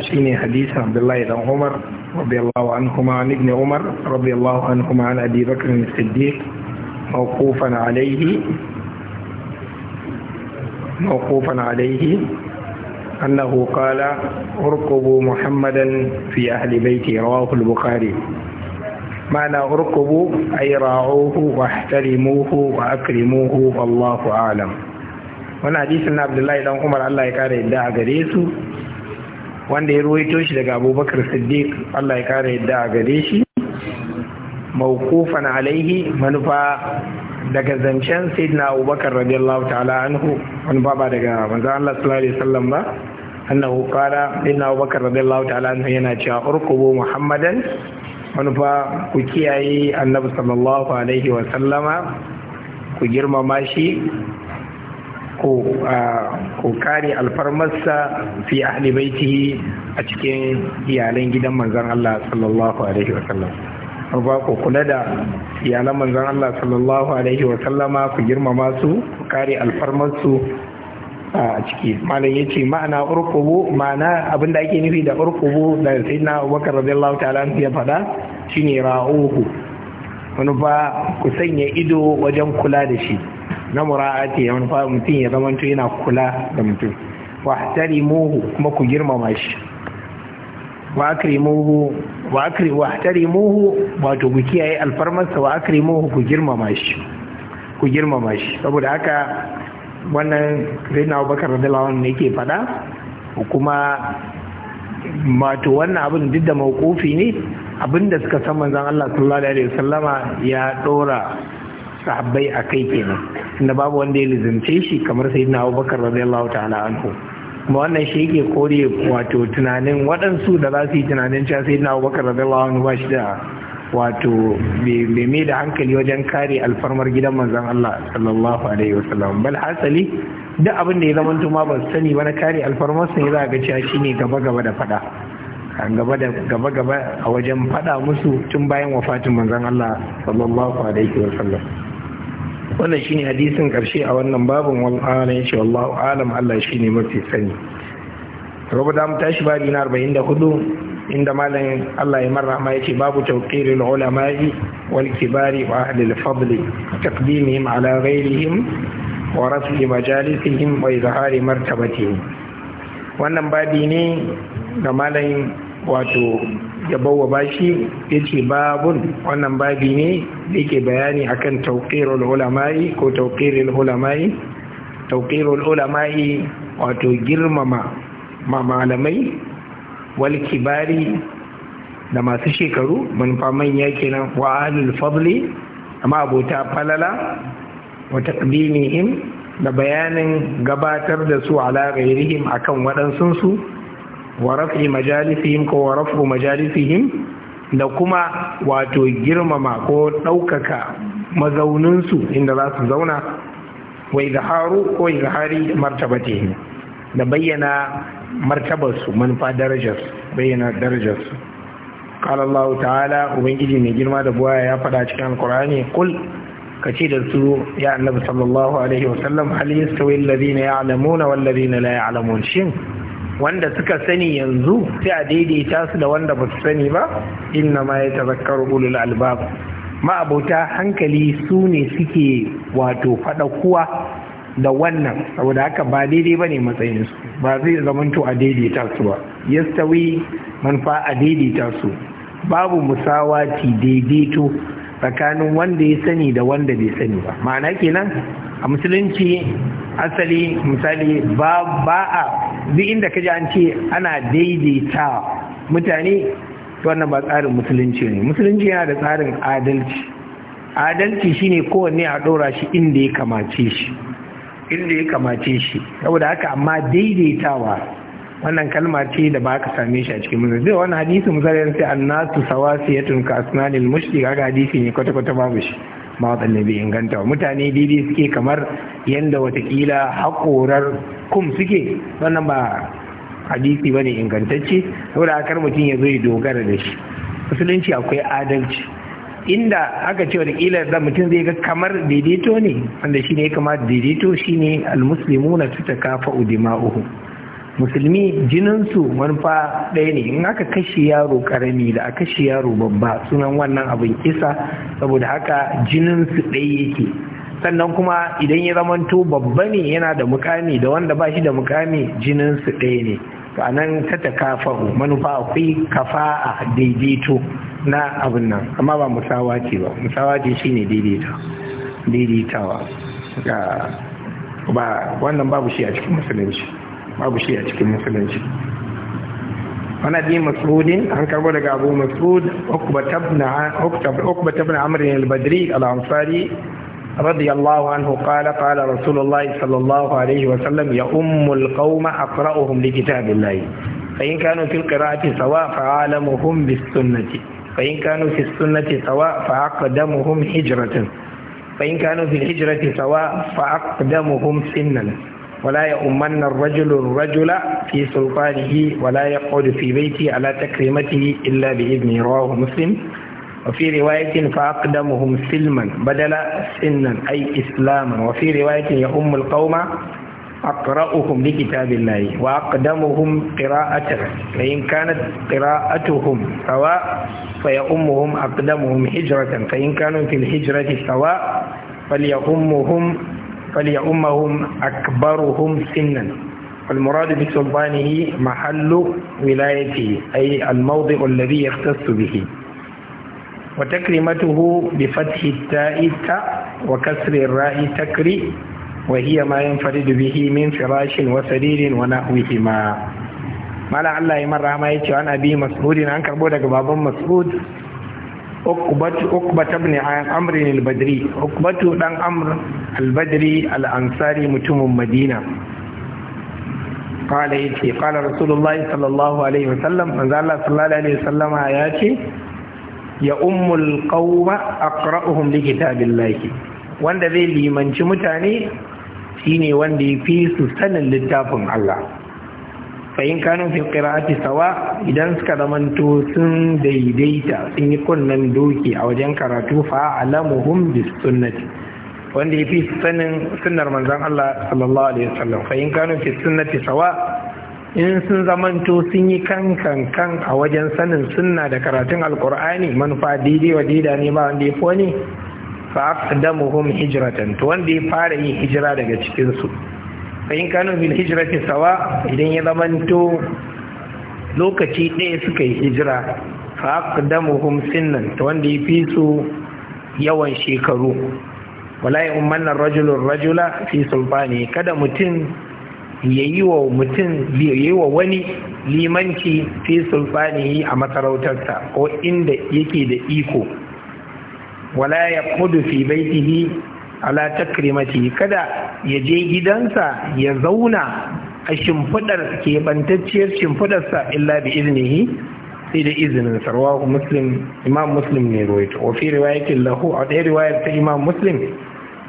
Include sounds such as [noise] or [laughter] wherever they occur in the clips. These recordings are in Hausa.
شيني حديث عبد الله بن عمر رضي الله عنهما عن ابن عمر رضي الله عنهما عن أبي بكر الصديق موقوفا عليه موقوفا عليه أنه قال اركبوا محمدا في أهل بيته رواه البخاري معنى اركبوا أي راعوه واحترموه وأكرموه والله أعلم وانا حديث عبد الله بن عمر الله يكاري الدعاء قريسه wanda ya ruwaito shi daga abubakar siddiq allah ya kara yadda a gare shi mawkufan alaihi manufa daga zancen sayyidina abubakar radiyallahu ta'ala anhu Manufa ba daga manzo allah sallallahu alaihi wasallam ba annahu qala sayyidina abubakar radiyallahu ta'ala anhu yana cewa urkubu muhammadan manufa ku kiyaye annabi sallallahu alaihi wasallama ku girmama shi ko ko kare alfarmarsa fi ahli baitihi a cikin iyalan gidan manzon Allah sallallahu alaihi wa sallam ba ku kula da iyalan manzon Allah sallallahu alaihi wa sallama ku girmama su ku kare alfarmarsu a ciki malam ya ce ma'ana urkubu ma'ana abinda ake nufi da urkubu da sai na abubakar radiyallahu ta'ala ya faɗa shine ra'uhu wani ba ku sanya ido wajen kula da shi na mura'ati ya manufa mutum ya zama to yana kula da mutum wa tarimuhu kuma ku girmama shi wa akrimuhu wa akri wa tarimuhu wato ku kiyaye alfarmarsa wa akrimuhu ku girmama shi ku girmama shi saboda haka wannan Zainab Abubakar radiyallahu anhu yake fada kuma wato wannan abin duk da mawqufi ne abinda suka san manzon Allah sallallahu alaihi wasallama ya dora sahabbai a kai kenan inda babu wanda ya lizince shi kamar sai na abubakar radiyallahu ta'ala anhu kuma wannan shi yake kore wato tunanin waɗansu da za su yi tunanin cewa sai na abubakar radiyallahu anhu ba shi da wato bai mai da hankali wajen kare alfarmar gidan manzon Allah sallallahu alaihi wasallam bal hasali duk abin da ya zama tuma ba su sani ba na kare alfarmar sai za ga cewa shine gaba gaba da fada gaba da gaba gaba a wajen fada musu tun bayan wafatin manzon Allah sallallahu alaihi wasallam wannan shine hadisin karshe a wannan babin wal'ala insha Allah alam Allah shine mafi sani Rabu da mu tashi babi na 44 inda malam Allah ya ya yace babu tawqiril ulama'i wal kibari wa ahli al-fadl taqdimihim ala ghayrihim wa raf'i majalisihim wa izhari martabatihim wannan babi ne da malam wato ya bawa bashi ya ce babun wannan babi ne da yake bayani akan tauƙirar ulama'i ko tauƙirar ulama'i tauƙirar ulama'i wato girmama ma malamai wal kibari da masu shekaru manufa manya kenan wa alul fadli amma abota falala wa taqdimihim da bayanin gabatar da su ala ghairihim akan waɗansunsu wa raf'i majalisihim ko wa raf'u da kuma wato girmama ko ɗaukaka mazauninsu inda za su zauna wa izharu ko izhari martabatihim da bayyana martabarsu manufa darajarsu bayyana darajarsu قال الله تعالى ubangiji mai girma da buwa ya faɗa cikin alkur'ani kul ka ce da su ya annabi sallallahu alaihi wasallam hal yastawi alladhina ya'lamuna wal ladina la ya'lamun shin wanda suka sani yanzu sai a daidaita su da wanda ba su sani ba inna ma ya tazakkaru ulul albab ma'abota hankali su ne suke wato kuwa da wannan saboda haka ba daidai ba ne su ba zai zamanto a daidaita su ba yastawi manfa a daidaita su babu musawati daidaito tsakanin wanda ya sani da wanda bai sani ba ma'ana kenan a musulunci asali misali ba ba a zai inda kaji an ce ana daidaita mutane wannan ba tsarin musulunci ne musulunci yana da tsarin adalci adalci shine kowanne a ɗora shi inda ya kamace shi inda ya kamace shi saboda haka amma daidaitawa wannan kalma ce da ba ka same shi a cikin musulunci zai wani hadisi musulunci sai annasu sawasiyatun ka asnanil mushrik ga hadisi ne kwata-kwata babu shi ma waɗanda bai inganta wa mutane daidai suke kamar yadda watakila haƙorar kum suke wannan ba hadisi ba ne ingantacce saboda akar mutum ya zo ya dogara da shi musulunci akwai adalci inda aka ce watakila da mutum zai ga kamar daidaito ne wanda shi ya kamar daidaito shi ne na shine kafa udima uku musulmi jininsu manufa ɗaya ne in aka kashe yaro karami da a kashe yaro babba sunan wannan abin kisa saboda haka jininsu ɗaya yake sannan kuma idan ya zamanto babba ne yana da mukami da wanda ba shi da mukami jininsu ɗaya ne a nan ta ta manufa akwai kafa a daidaito na abin nan amma ba musawa ce ba musawa ce shine daidaitawa ba wannan babu shi a cikin musulunci babu shi a cikin musulunci wani bi masudin an karbo daga abu masud ukbat ibn amr al-badri al-ansari radiyallahu anhu qala qala rasulullah sallallahu alaihi wa sallam ya ummul qauma aqra'uhum li kitabillah fa in kanu fil qira'ati fa alamuhum bis sunnati fa in kanu fis sawa fa aqdamuhum hijratan fa in kanu sawa fa ولا يؤمن الرجل الرجل في سلطانه ولا يقعد في بيته على تكريمته إلا بإذن رواه مسلم وفي رواية فأقدمهم سلما بدل سنا أي إسلاما وفي رواية يؤم القوم أقرأهم لكتاب الله وأقدمهم قراءة فإن كانت قراءتهم سواء فيؤمهم أقدمهم هجرة فإن كانوا في الهجرة سواء فليؤمهم فليؤمهم أكبرهم سنا المراد بسلطانه محل ولايته أي الموضع الذي يختص به وتكريمته بفتح التاء تاء وكسر الراء تكري وهي ما ينفرد به من فراش وسرير ونحوهما ما لعل الله يمر ما يتي عن أبي مسعود عن كربو بابا مسعود Ukubatu ibn amr al-badri ukbatu dan amr al-badri al-ansari mutumin madina قال يتي قال رسول الله صلى الله عليه وسلم من قال الله صلى الله عليه وسلم آياتي ya ummul qauma aqra'uhum li kitabillahi wanda zai limanci mutane shine wanda ya fi su sanin littafin Allah fa'in kanu fi qira'ati sawa idan suka zamanto sun daidaita sun yi kunnen doki a wajen karatu fa alamuhum bis sunnati wanda yafi sanin sunnar manzon Allah sallallahu alaihi wasallam fa'in kanu fi sunnati sawa in sun zamanto sun yi kan kan kan a wajen sanin sunna da karatun alkur'ani manufa daidai wa daida ne ba wanda ya fi wani fa aqdamuhum hijratan to wanda ya fara yin hijira daga cikin su fahim kanu bil hijirati sawa idan ya zamanto lokaci ɗaya suka yi hijira fa aqdamuhum sinan ta wanda ya fi su yawan shekaru wala ya umarna rajulun rajula fi sulfani kada mutum ya yi wa mutum ya yi wa wani limanci fi sulfani a masarautarsa ko inda yake da iko wala ya kudu fi baitihi ala takrimati kada ya je gidansa ya zauna a shimfidar kebantacciyar shimfidarsa illa bi iznihi sai da izinin sarwa muslim imam muslim ne ruwaito wa fi riwayatin lahu a ɗaya riwayar ta imam muslim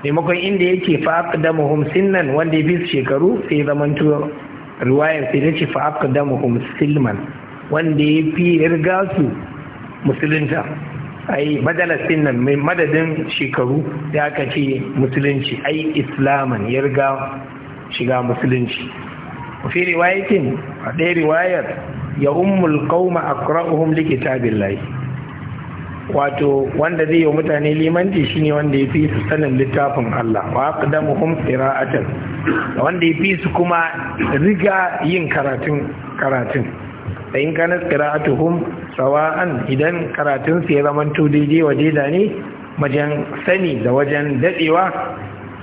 maimakon inda yake fa'aqdamuhum sinnan wanda ya bi shekaru sai zaman riwayar sai ta ce fa'aqdamuhum silman wanda ya fi riga su musulunta ai badalasin nan mai madadin shekaru ya aka ce musulunci ai islaman ya riga shiga musulunci fi riwayatin a ɗaya riwayar ya ummul a kura'uhun likita billahi wato wanda zai yi mutane limanci shine wanda ya fi su sanin littafin Allah wa aqdamuhum qira'atan wanda ya fi su kuma riga yin karatun karatun da in kana qira'atuhum sawa'an idan karatunsu ya zamanto daidai wa daida ne wajen sani da wajen dadewa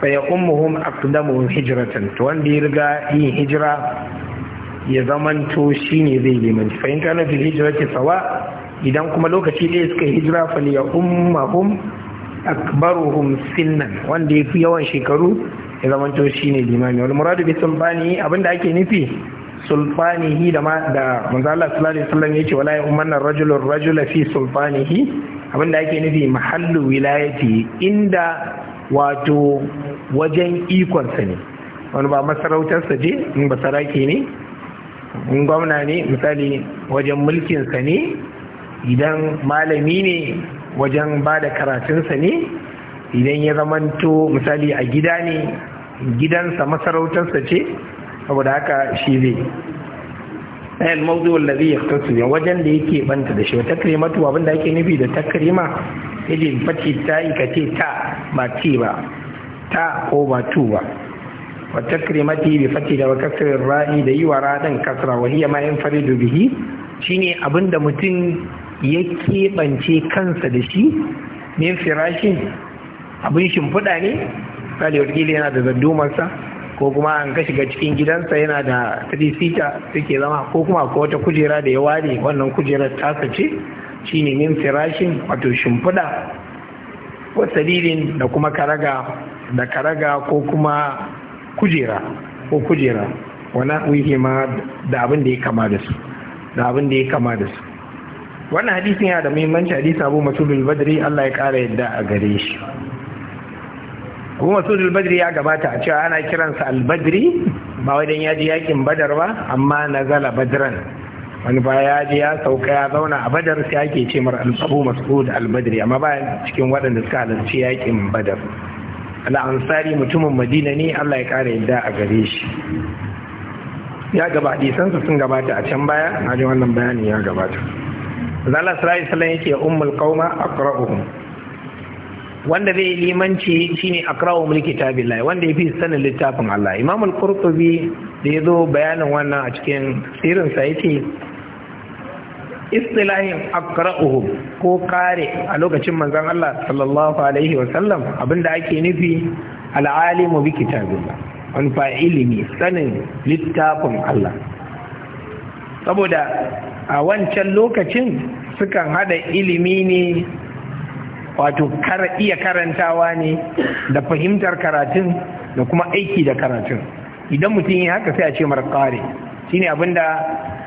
faya ya ummuhum aqdamuhum hijratan to wanda ya riga yin hijira ya shi ne zai limanci fa in kana fil hijrati sawa idan kuma lokaci ɗaya suka hijira fa ya ummuhum akbaruhum sinnan wanda ya fi yawan shekaru ya shi ne limami wal muradu bi sulbani abinda ake nufi sulfanihi da manzala sallallahu alaihi yace wala yu'manna rajulun rajula fi sulfanihi abinda ake nufi mahallu wilayati inda wato wajen ikonsa ne wani ba masarautarsa je in ba saraki ne in gwamna ne misali wajen mulkinsa ne idan malami ne wajen ba da karatunsa ne idan ya zamanto misali a gida ne gidansa masarautarsa ce saboda haka shi zai ɗayan mawuzi wallazi ya fito wajen da yake banta da shi wa takrimatu abin da ake nufi da takrima yaje fati ta ikace ta ba ce ba ta ko ba tu ba wa takrimati bi fati da wa ra'i da yi wa radan kasra wa hiya ma yanfaridu bihi shine abin da mutum ya keɓance kansa da shi min firashin abin shimfiɗa ne kalewar yana da zaddumarsa ko kuma an ka shiga cikin gidansa yana da sita suke zama ko kuma ko wata kujera da ya ware wannan kujerar tasa ce shine min firashin wato shimfiɗa ko sadirin da kuma karaga da karaga ko kuma kujera ko kujera wani wihi ma da abin da ya kama da su da abin da ya kama da su wannan hadisin yana da muhimmanci hadisi abu masu bilbadari Allah ya kara yadda a gare shi kuma masudul badri ya gabata a cewa ana kiransa albadri ba wajen ya ji yakin badar ba amma na gala badran wani ba ya ji ya sauka ya zauna a badar sai ake ce mar abu masud albadri amma ba cikin waɗanda suka halarci yakin badar al'ansari mutumin madina ne allah ya ƙara yadda a gare shi ya gaba sansa sun gabata a can baya na ji wannan bayanin ya gabata zala sallallahu alaihi yake ummul kauma aqra'uhum wanda zai limanci shine akrawu mulki tabillah wanda ya fi sanin littafin Allah Imam al-Qurtubi da zo bayanin wannan a cikin sirrin sa yace istilahin akra'uhu ko kare a lokacin manzan Allah sallallahu alaihi wa sallam abinda ake nufi al'alimu bi kitabillah wani fa ilimi sanin littafin Allah saboda a wancan lokacin sukan hada ilimi ne wato kar iya karantawa ne da fahimtar karatun da kuma aiki da karatun idan mutum yi haka sai a ce mara kare ne abinda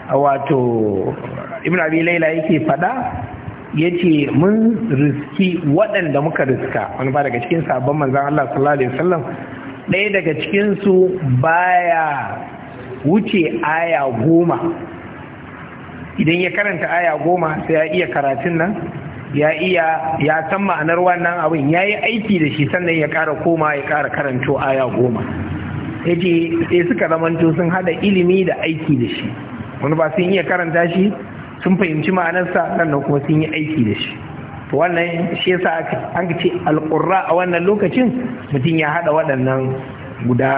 wato ibn abi laila yake fada ya ce mun riski waɗanda muka riska wani ba daga cikin sabon manzan Allah sallallahu alaihi wasallam ɗaya daga cikinsu baya wuce aya goma idan ya karanta aya goma sai ya iya karatun nan ya iya ya san ma'anar wannan abin ya yi aiki da shi sannan ya kara koma ya kara karanto aya goma ya ce sai suka zamanto sun hada ilimi da aiki da shi wani ba sun iya karanta shi sun fahimci ma'anarsa sannan kuma sun yi aiki da shi to wannan shi yasa an ce alƙurra a wannan lokacin mutum ya hada waɗannan guda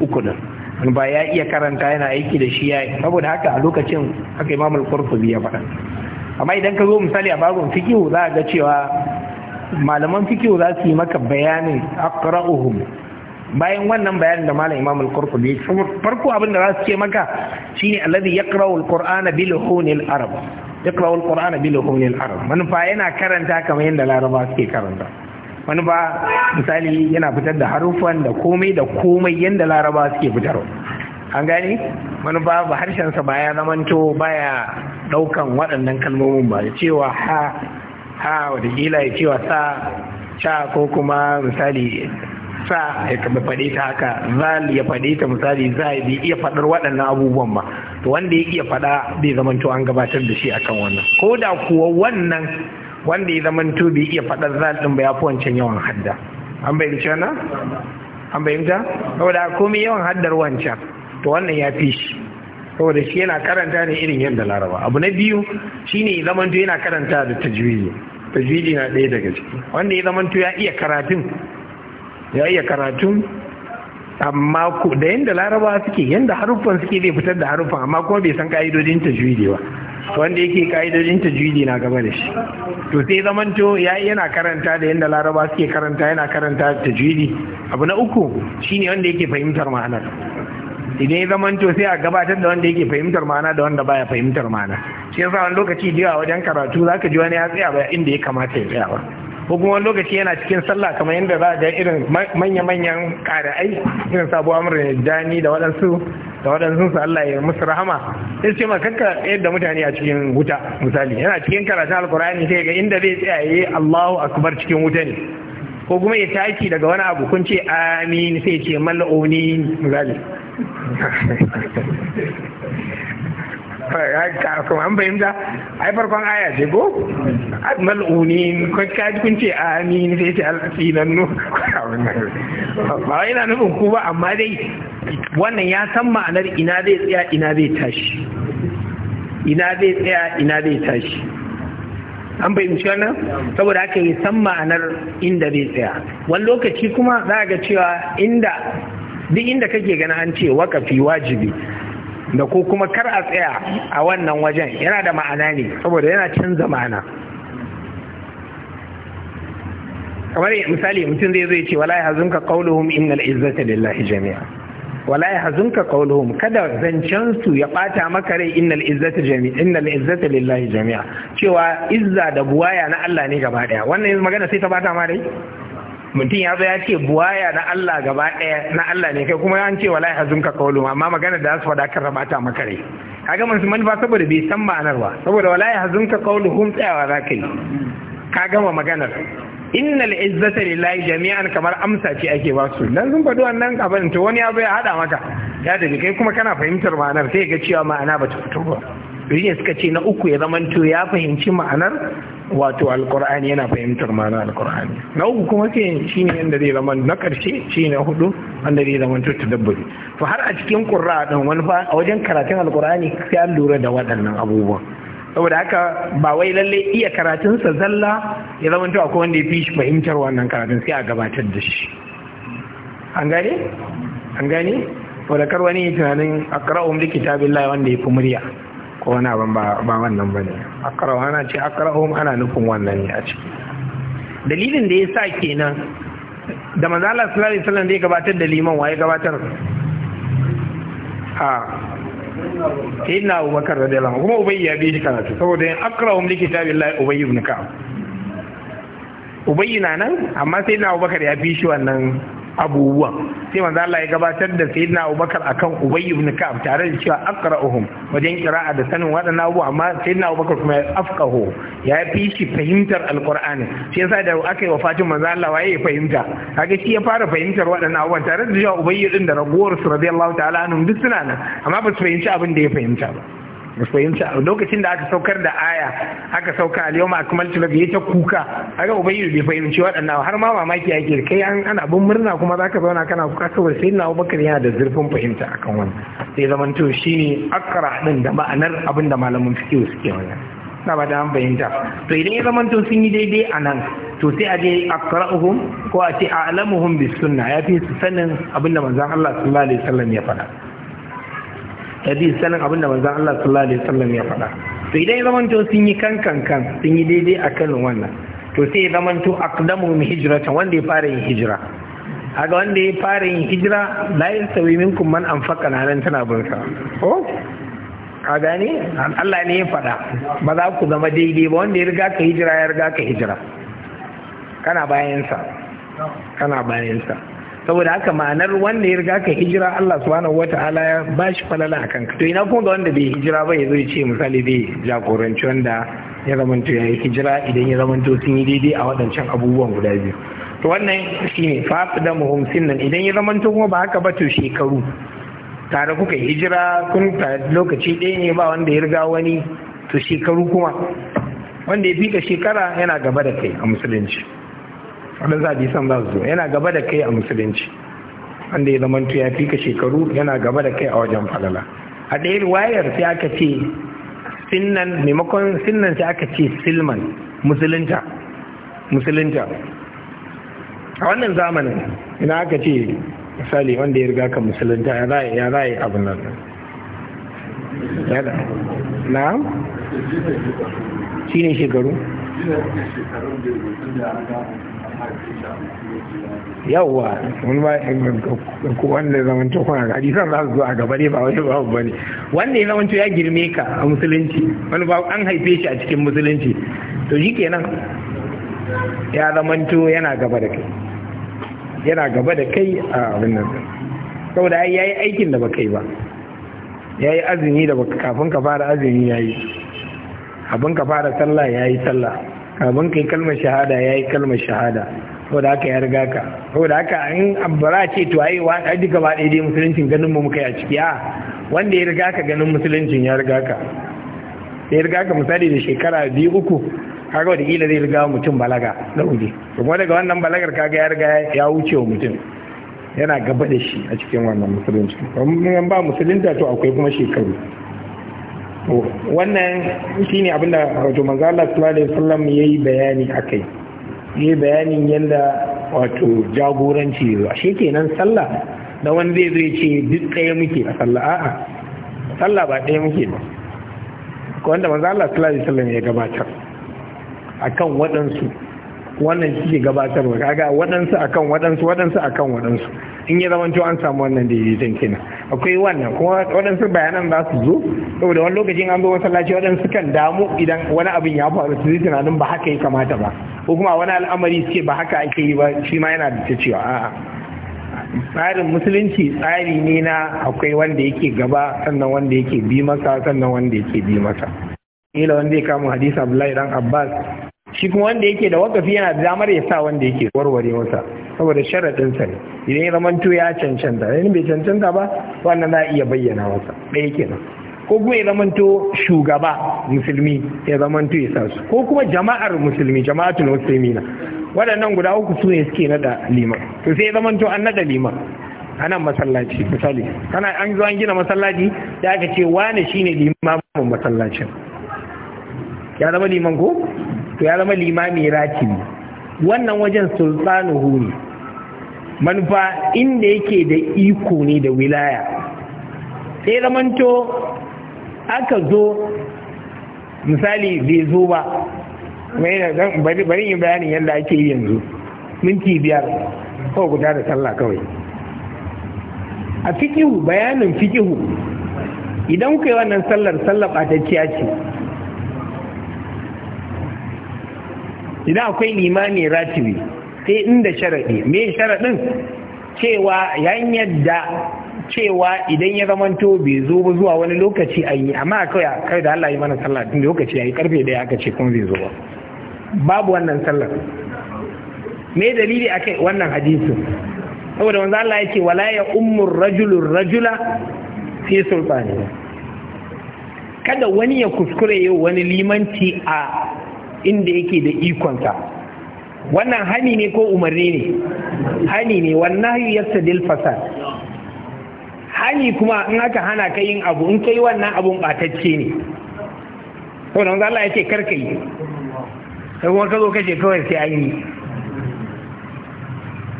uku din wani ba ya iya karanta yana aiki da shi ya yi saboda haka a lokacin aka yi al-qurtubi ya faɗa amma idan ka zo misali a babin fikihu za ga cewa malaman fikihu za su yi maka bayanin aqra'uhum bayan wannan bayanin da malam imam al-qurtubi farko abin da za su ce maka shine alladhi yaqra'u al-qur'ana bil hunil arab yaqra'u al-qur'ana bil hunil arab manufa yana karanta kamar yadda laraba suke karanta wani misali yana fitar da haruffan da komai da komai yadda laraba suke fitarwa an gani manufa ba harshensa ba ya zamanto baya daukan waɗannan kalmomin ba ya cewa ha ha ila ya cewa sa sha ko kuma misali sa ya kama faɗe ta haka zal ya faɗe ta misali za ya iya faɗar waɗannan abubuwan ba to wanda ya iya faɗa bai to an gabatar da shi akan wannan ko da kuwa wannan wanda ya to bai iya faɗar zal ɗin ba ya fi wancan yawan hadda an bai bayyance wannan an ko da komai yawan haddar wancan to wannan ya fi shi saboda shi yana karanta ne irin yadda laraba abu na biyu shine zamanto yana karanta da tajwidi tajwidi na ɗaya daga ciki wanda ya zamanto ya iya karatun ya iya karatun amma da yadda laraba suke yadda haruffan suke zai fitar da haruffan amma kuma bai san ka'idodin tajwidi ba wanda yake ka'idodin tajwidi na gaba da shi to sai zamanto ya yana karanta da yadda laraba suke karanta yana karanta tajwidi abu na uku shine wanda yake fahimtar ma'anar idan ya zaman to sai a gabatar da wanda yake fahimtar mana da wanda baya fahimtar ma'ana shi yasa wani lokaci da wajen karatu zaka ji wani ya tsaya ba inda ya kamata ya tsaya ba ko kuma wani lokaci yana cikin sallah kamar yadda za a ga irin manya-manyan ƙara'ai irin sabu amurin dani da waɗansu da waɗansu su Allah ya musu rahama sai ce ma kanka yadda mutane a cikin wuta misali yana cikin karatu alkur'ani sai ga inda zai tsaya yayi Allahu akbar cikin wuta ne ko kuma ya taki daga wani abu kun ce amin sai ce mal'uni misali kuma an fahimta ai farkon aya ce ko mal'uni kaji kun ce amin sai ce alfinan nu ba yana nufin ku ba amma dai wannan ya san ma'anar ina zai tsaya ina zai tashi ina zai tsaya ina zai tashi an fahimci wannan saboda haka ya san ma'anar inda zai tsaya wani lokaci kuma za ga cewa inda duk inda kake gana an ce wakafi wajibi da ko kuma kar a tsaya a wannan wajen yana da ma'ana ne saboda yana canza ma'ana kamar misali mutum zai zai ce wala ya hazunka qauluhum innal izzata lillahi jami'a wala ya hazunka qauluhum kada zancensu su ya bata maka rai innal izzata jami'a lillahi jami'a cewa izza da buwaya na Allah ne gaba daya wannan magana sai ta bata ma rai mutum ya zo ya ce buwaya na Allah gaba ɗaya na Allah ne kai kuma an ce wala hazun ka kaulu amma magana da su faɗa kan rabata maka rai kaga mun sun manufa saboda bai san ma'anar ba saboda wala hazun ka kaulu hum tsayawa za ka yi ka gama maganar innal izzata lillahi jami'an kamar amsa ce ake ba su dan sun faɗi wannan abin to wani ya zo ya hada maka ya tafi kai kuma kana fahimtar ma'anar sai ga cewa ma'ana ba ta fito ba shi suka ce na uku ya zamanto ya fahimci ma'anar wato alkur'ani yana fahimtar ma'anar alkur'ani na uku kuma ce shi ne yadda zai zama na ƙarshe shi ne hudu wanda zai zama to to har a cikin ƙurra ɗin wani fa a wajen karatun alkur'ani sai an lura da waɗannan abubuwan saboda haka ba wai lalle iya karatunsa zalla ya zama to akwai wanda ya fi shi fahimtar wannan karatun sai a gabatar da shi an gane an gane wadakar wani tunanin akra'um likitabillahi wanda ya fi murya ko wani abin ba wannan ba ne akarau ana ce akarau ana nufin wannan ne a ciki dalilin da ya sa kenan da manzala sulari sallan da ya gabatar da liman waye gabatar a sayyidina abubakar radiyallahu kuma ubayi ya biyu shi karatu saboda yin ke li lai ubayi ibn ka'ab ubayi na nan amma sai sayyidina abubakar ya biyu shi wannan abubuwan sai manzo Allah ya gabatar da sayyidina Abubakar akan Ubay ibn Ka'ab tare da cewa aqra'uhum wajen qira'a da sanin wadannan abubuwa amma sayyidina Abubakar kuma ya afqahu ya fi shi fahimtar alqur'ani sai yasa da aka yi wafatin manzo Allah waye ya fahimta kaga shi ya fara fahimtar wadannan abubuwa tare da cewa Ubay din da ragowar su radiyallahu ta'ala anhum duk suna nan amma ba su fahimci abin da ya fahimta ba fahimta lokacin da aka saukar da aya aka sauka a yau akmaltu ya ta kuka aga ubayyu bai fahimci waɗannan har ma mamaki yake kai an ana bin murna kuma za ka zauna kana kuka saboda na Abubakar yana da zurfin fahimta akan wannan sai zaman to ne akara ɗin da ma'anar abin da malamin suke na ba da an fahimta to idan ya zaman to sun yi daidai a nan to sai a je uhun ko a ce a'lamuhum bis sunna fi su sanin abin da manzan Allah sallallahu alaihi wasallam ya faɗa da sanin abin da manzon Allah sallallahu alaihi wasallam ya faɗa to idan ya to sun yi kankan kan sun yi daidai akan wannan to sai ya zamanto aqdamu min hijratan wanda ya fara yin hijira haka wanda ya fara yin hijira la yastawi minkum man anfaqa nan tana burka ko ka gane Allah ne ya faɗa ba za ku zama daidai ba wanda ya riga ka hijira ya riga ka hijira kana bayansa kana bayansa saboda haka ma'anar wanda ya riga ka hijira Allah subhanahu wata'ala ya ba shi falala akan kanka to ina kuma ga wanda bai hijira ba ya zo ce misali bai jagoranci wanda ya zamanto ya yi hijira idan ya zamanto sun yi daidai a waɗancan abubuwan guda biyu to wannan shine fafi da muhimmin nan idan ya zamanto kuma ba haka ba to shekaru tare kuka hijira kun lokaci ɗaya ne ba wanda ya riga wani to shekaru kuma wanda ya fi fika shekara yana gaba da kai a musulunci za waɗansu san za su zo yana gaba da kai a musulunci wanda ya zama ya fi ka shekaru yana gaba da kai a wajen falala a ɗaya wayar sai aka ce sinnan maimakon sinnan sai aka ce silman musulunta musulunta a wannan zamanin ina aka ce misali wanda ya riga ka musulunta ya za ya za abin nan na shi ne shekaru yawwa wani ba ko wanda zaman to kuna hadisan za su zo a gaba ne ba wani babu ne wanda ya zaman to ya girme ka a musulunci wani ba an haife shi a cikin musulunci to shi kenan ya zaman yana gaba da kai yana gaba da kai a abin nan saboda ya yi aikin da bakai ba ya yi azumi da kafin ka fara azumi ya yi abin ka fara sallah ya yi sallah kafin kai kalmar shahada ya yi kalmar shahada ko haka ya riga ka da haka in abbara ce to ai wa ai duka ba daidai musuluncin ganin mu muka yi a ciki a wanda ya riga ka ganin musuluncin ya riga ka ya riga ka misali da shekara biyu uku kaga wani kila zai riga mutum balaga na uje kuma daga wannan balagar kaga ya riga ya wuce wa mutum yana gaba da shi a cikin wannan musulunci kuma ba musulunta to akwai kuma shekaru wannan shine abin da wato manzo Allah sallallahu alaihi wasallam yayi bayani akai yayi bayanin yanda wato jagoranci zuwa kenan sallah da wani zai zai ce duk ɗaya muke a sallah a'a sallah ba ɗaya muke ba ko wanda manzo Allah sallallahu alaihi wasallam ya gabatar akan waɗansu wannan shi ke gabatarwa kaga waɗansu akan waɗansu waɗansu akan waɗansu in ya zamanto an samu wannan daidaiton kenan akwai wannan kuma waɗansu bayanan za su zo saboda wani lokacin an zo masallaci waɗansu kan damu idan wani abin ya faru su yi tunanin ba haka ya kamata ba ko kuma wani al'amari suke ba haka ake yi ba shi ma yana da cewa a'a tsarin musulunci tsari ne na akwai wanda yake gaba sannan wanda yake bi masa sannan wanda yake bi masa ila wanda ya kama hadisi abdullahi dan abbas shi kuma wanda yake da wakafi yana da damar ya sa wanda yake warware masa saboda sharaɗin sa ne idan ya zama ya cancanta idan bai cancanta ba wannan za a iya bayyana masa ɗaya kenan ko kuma ya zamanto shugaba musulmi ya zamanto ya sa su ko kuma jama'ar musulmi jama'atul na waɗannan guda uku su ne suke naɗa liman to sai ya zamanto an naɗa liman anan masallaci misali kana an zo an gina masallaci da aka ce wane shine limamin masallacin ya zama liman ko to ya zama limami ratibi wannan wajen sultanu ne manufa inda yake da iko ne da wilaya sai zamanto aka zo misali bai zo ba bari yin bayanin yadda ake yi yanzu minti biyar kawai guda da sallah kawai a fikihu bayanin fikihu idan kuka yi wannan sallar sallar ɓatacciya ce idan akwai limami ratibi sai inda sharaɗi me sharaɗin cewa yayin yadda cewa idan ya to bai zo ba zuwa wani lokaci a yi amma kawai kai da Allah yi mana sallah tun lokaci yayi karfe da aka ce kuma zai zo ba babu wannan sallar me dalili akai wannan hadisi saboda manzo Allah yake wala ya ummur rajulur rajula fi sulbani kada wani ya kuskure yau wani limanci a inda yake da ikonsa wannan hani ne ko umarni ne hani ne wannan yastadil fasad hani kuma in aka hana ka yin abu in kai wannan abun batacce ne to nan Allah ya ce karka yi sai kuma ka zo kace kawai sai an yi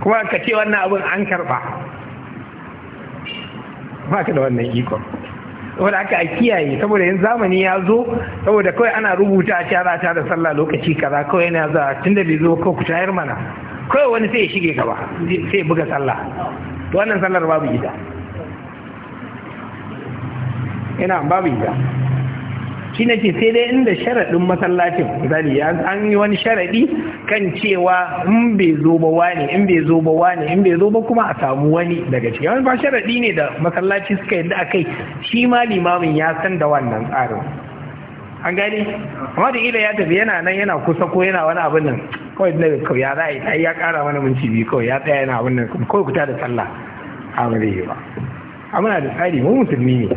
kuma ka ce wannan abun an karba ba ka da wannan ikon saboda aka a kiyaye saboda yin zamani ya zo saboda kawai ana rubuta a cara ta da sallah lokaci kaza kawai yana za tun da bai zo ko ku tayar mana kawai wani sai ya shige gaba sai buga sallah to wannan sallar babu ita ina babu ita shi na ce sai dai inda sharaɗin masallacin misali an yi wani sharaɗi kan cewa in bai zo ba wani in bai zo ba wani in bai zo ba kuma a samu wani daga ciki wani ba sharaɗi ne da masallaci suka yadda a kai shi ma limamin ya san da wannan tsarin an gane amma da ila ya tafi yana nan yana kusa ko yana wani abin nan kawai da na ya za a yi ya kara mana minti biyu kawai ya tsaya yana abin nan kawai kuta da sallah a ba zai yi ba amma da tsari mu musulmi ne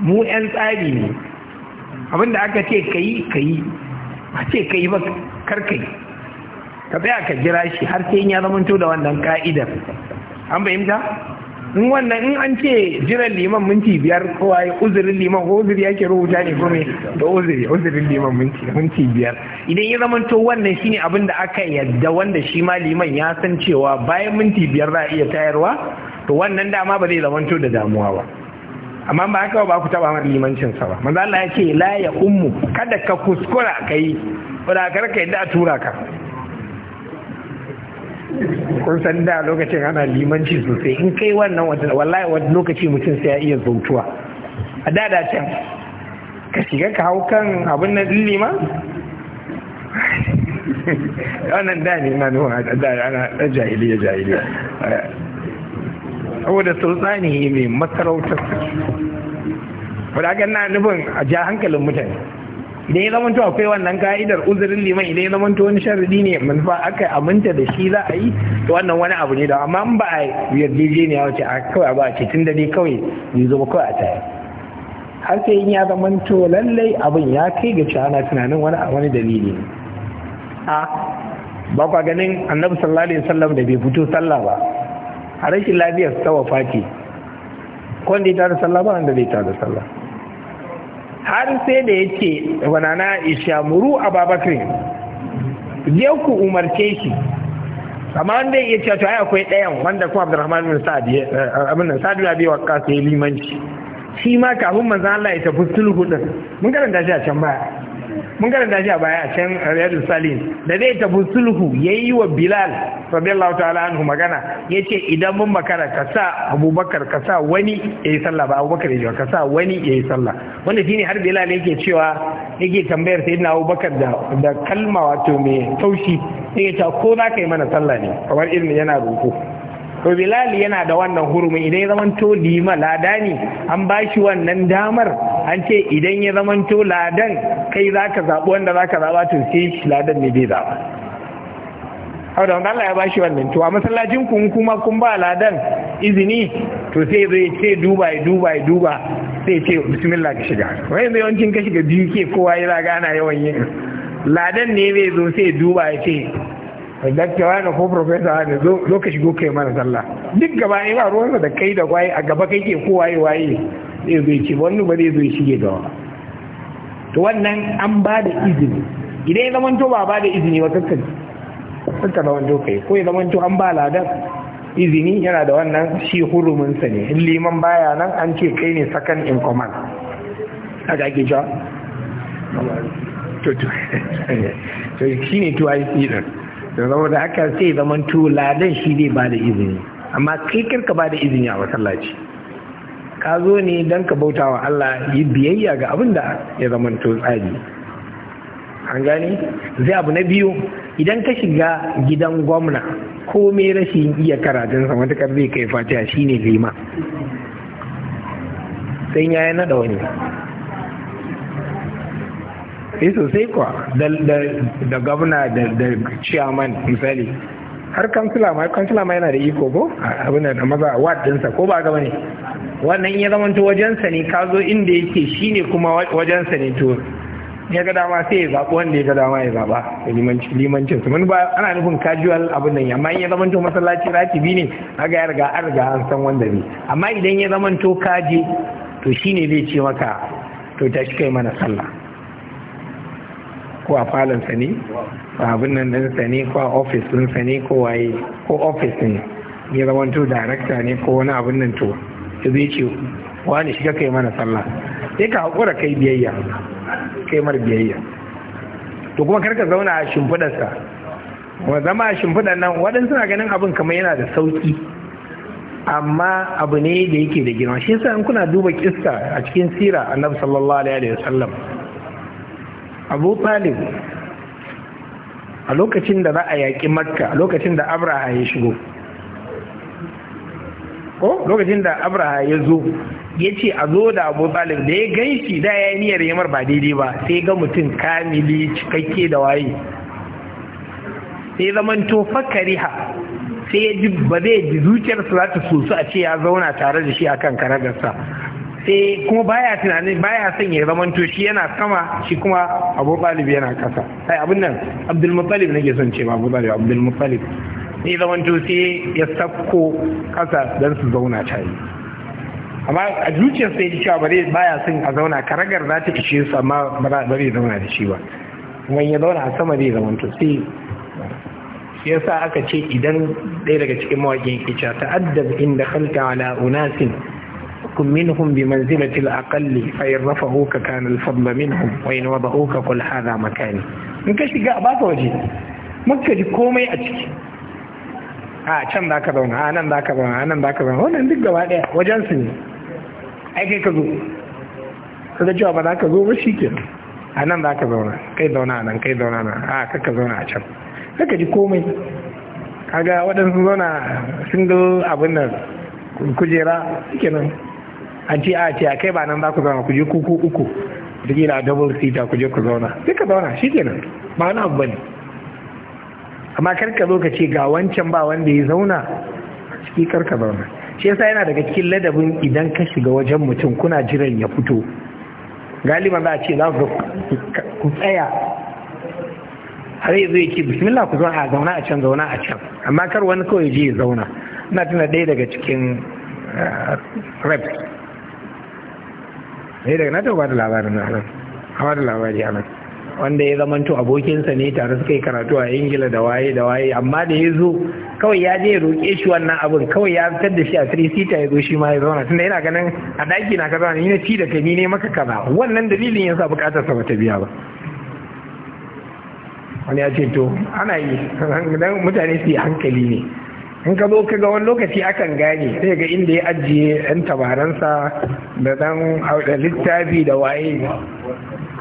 mu 'yan tsari ne abinda aka ce ka yi ka yi a ce ka yi ba karka yi ka tsaya ka jira shi har sai ya zamanto da wannan ka'idar an fahimta in wannan in an ce jiran liman minti biyar kowa ya uzurin liman ko uzuri yake rubuta ne kuma da uzuri uzurin liman minti minti biyar idan ya zama to wannan shine abin da aka yadda wanda shi ma liman ya san cewa bayan minti biyar za a iya tayarwa to wannan dama ba zai zama to da damuwa ba amma ba haka ba ku taba mar limancin sa ba manzo Allah ya ce la ya ummu kada ka kuskura kai ba kar ka da tura ka kun san da lokacin ana limanci sosai in kai wannan wallahi wani lokaci mutum sai ya iya zautuwa a dada can ka shiga ka hau kan abin nan lima [laughs] wannan da ne na nuna da ana jahiliya jahiliya saboda sultani mai masarautar wadda na nufin a ja hankalin mutane idan ya zamanto akwai wannan ka'idar uzurin liman idan ya zamanto wani sharadi ne manufa aka aminta da shi za a yi to wannan wani abu ne da amma an ba a yarjejeniya wace a kawai ba a ce tun da ne kawai yi zo kawai a tare har sai in ya zamanta lallai abin ya kai ga cewa tunanin wani wani dalili a ba kwa ganin annabi sallallahu alaihi wasallam da bai fito sallah ba a rashin lafiyar ta wafati kwanda ya tada sallah ba wanda zai tada sallah har sai da ya ce wana na isha muru a babakirin zai ku umarce shi amma wanda ya ce to ai akwai ɗayan wanda kuma abdurrahman bin sa'ad eh, abin nan sa'ad ya abi waqqas limanci shi ma kafin manzo Allah ya tafi sulhu din mun karanta shi a can baya mun karanta shi a baya a can riyadus salihin da zai tafi sulhu yayi wa bilal radiyallahu ta'ala anhu magana yace idan mun makara ka sa abubakar ka sa wani yayi sallah ba abubakar ya ka sa wani yayi sallah wanda shine har bilal yake cewa yake tambayar sayyidina abubakar da da kalma wato mai taushi yake ta ko za ka yi mana sallah ne kamar irin yana roƙo to bilal yana da wannan hurumin idan ya zamanto lima lada ne an bashi wannan damar an ce idan ya zamanto ladan kai ka zaɓi wanda ka zaɓa to sai ladan ne bai zaɓa. hau da Allah ya bashi wannan to a masallacin kun kuma kun ba ladan izini to sai zai ce duba ya duba ya duba sai ce bismillah ka shiga wai mai yawancin ka shiga biyu ke kowa ya zaga ana yawan yin ladan ne zai zo sai duba ya ce daktawa wani ko profesa da zo ka shigo kai mana sallah duk gaba ne ba ruwansa da kai da waye a gaba kai ke ko waye waye zai ce wani ba zai zo shige gawa to wannan an ba da izini idan ya zamanto ba ba da izini ba kakka kakka zamanto kai ko ya zamanto an ba ladan izini yana da wannan shi huruminsa ne in liman baya nan an ce kai ne sakan in command haka ake cewa to to [laughs] to shine to ai din da saboda aka sai zaman ladan shi zai ba da izini amma kai karka ba da izini a masallaci ka zo ne don ka bauta wa Allah yi biyayya ga abin da ya zaman tsari an gani zai abu na biyu idan ka shiga gidan gwamna ko mai rashin iya sa matukar zai kai Fatiya shine lima sai ya yi naɗa wani sai sosai kuwa da gwamna da ciyaman misali har kansila ma kansila ma yana da iko ko abin da maza ward dinsa ko ba gaba ne wannan ya zama wajensa ne ka zo inda yake shine kuma wajensa ne to ya ga dama sai ya zaɓi wanda ya ga dama ya zaɓa da limancin su mun ba ana nufin casual abin nan amma in ya zama to masallaci ratibi ne aga ya riga an riga an san wanda ne amma idan ya zama to kaje to shine zai ce maka to tashi kai mana sallah ko a falonsa ne ba abin nan ɗinsa ne ko a ofis ɗinsa ne ko waye ko ofis ne ya zamanto darakta ne ko wani abin nan to ya zai ce wani shiga kai mana sallah sai ka haƙura kai biyayya kai mar biyayya to kuma karka zauna a shimfiɗarsa kuma zama a shimfiɗar nan waɗansu suna ganin abin kamar yana da sauki amma abu ne da yake da girma shi yasa in kuna duba kissa a cikin sira annabi sallallahu alaihi wa sallam abu talib a lokacin da za a yaƙi makka lokacin da abraha ya shigo ko lokacin da abraha ya zo ya ce a zo da abu talib da ya gan shi da ya yi niyyar yamar ba daidai ba sai ga mutum kamili cikakke da waye sai zaman to kariha, sai ya ji ba zai ji zuciyarsa za ta sosu a ce ya zauna tare da shi akan karagarsa sai kuma baya tunani baya son ya zama to shi yana sama shi kuma abu talib yana kasa ai abin nan abdul muttalib nake son ce ba abu talib abdul muttalib sai zaman to sai ya sakko kasa dan su zauna tare amma a zuciyar sai ji cewa bare baya son a zauna karagar za ta ishe su amma ba zai zauna da shi ba wani ya zauna a sama zai zaman to sai ya sa aka ce idan ɗaya daga cikin mawaƙin ke ta ta'addab inda khalqa ala unasin a فكن منهم بمنزلة الأقل فإن رفعوك كان الفضل منهم uka وضعوك قل هذا مكاني in ka shiga a baka waje maka ji komai a ciki a can za ka zauna a nan za ka zauna a nan za ka zauna wannan duk gaba ɗaya wajen su ne ai kai ka zo ka ga cewa ba za ka zo ba shi ke a nan za ka zauna kai zauna nan kai zauna nan a ka ka zauna a can sai ka ji komai kaga waɗansu zauna sun ga abin nan kujera kenan an ce a ce a kai ba nan za ku zauna ku je kuku uku da gina double seater ku je ku zauna sai ka zauna shi kenan ba wani abu bane amma kar ka zo ka ce ga wancan ba wanda ya zauna ciki kar ka zauna shi yasa yana daga cikin ladabin idan ka shiga wajen mutum kuna jiran ya fito galiban za a ce za ku tsaya har yanzu ya ce bismillah ku zauna a zauna a can zauna a can amma kar wani kawai je ya zauna ina tuna ɗaya daga cikin eh, reps sai eh, daga na ba da labarin nan hawa da labari a nan wanda ya zamanto abokinsa ne tare suka yi karatu a ingila da waye da waye amma da ya zo kawai ya je ya roƙe shi wannan abin kawai ya fitar da shi a three seater ya zo shi ma ya zauna tunda yana ganin a daki na kaza ni na ci da kani ne maka kaza wannan dalilin ya sa buƙatar sa bata biya ba wani ya ce to ana yi [laughs] mutane su yi hankali ne in ka zo ka ga wani lokaci akan gane sai ga inda ya ajiye yan tabaransa da dan da littafi da waye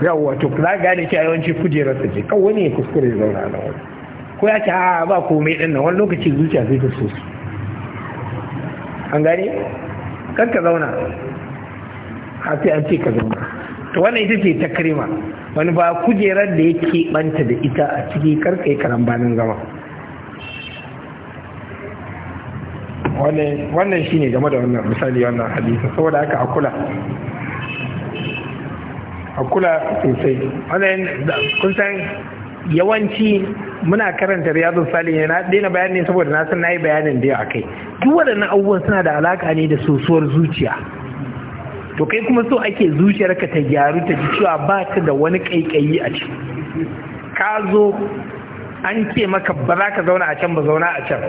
yawa to za gane cewa yawanci kujerar sa ce kawai ne kuskure zauna na wani ko ya ce a ba komai din nan wani lokaci zuciya sai ta so an gane kan ka zauna A sai an ce ka zauna to wannan ita ce ta takrima wani ba kujerar da yake ɓanta da ita a ciki karkai karambanin zama wannan shi ne game da wannan misali wannan hadisa saboda haka a kula a kula sosai wannan kun san yawanci muna karanta riyadun salihin na daina bayani saboda na san nayi bayanin da a kai duk waɗannan abubuwan suna da alaka ne da sosuwar zuciya to kai kuma so ake zuciyarka ta gyaru ta ji cewa ba ta da wani kaikayi a ciki ka zo an ce maka ba za ka zauna a can ba zauna a can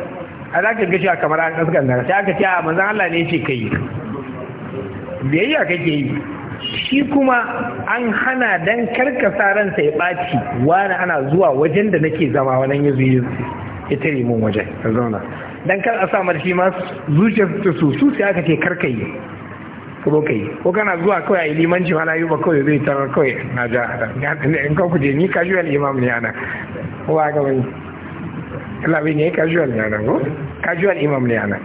a za ka gashi a kamar an kaskanta sai aka ce a manzan Allah ne ce kai biyayya kake yi shi kuma an hana dan karkasa ransa ya ɓaci wani ana zuwa wajen da nake zama wani ya zuyi ya tare mun wajen ka zauna dan kar a samar shi ma zuciyar ta su sai aka ce karka yi ka ka yi ko kana zuwa kawai a yi limanci wala yi ba kawai zai tarar kawai na ja in ka kuje ni casual imam ne ana ko ba ka bane labi ne casual ne anan ko casual imam ne nan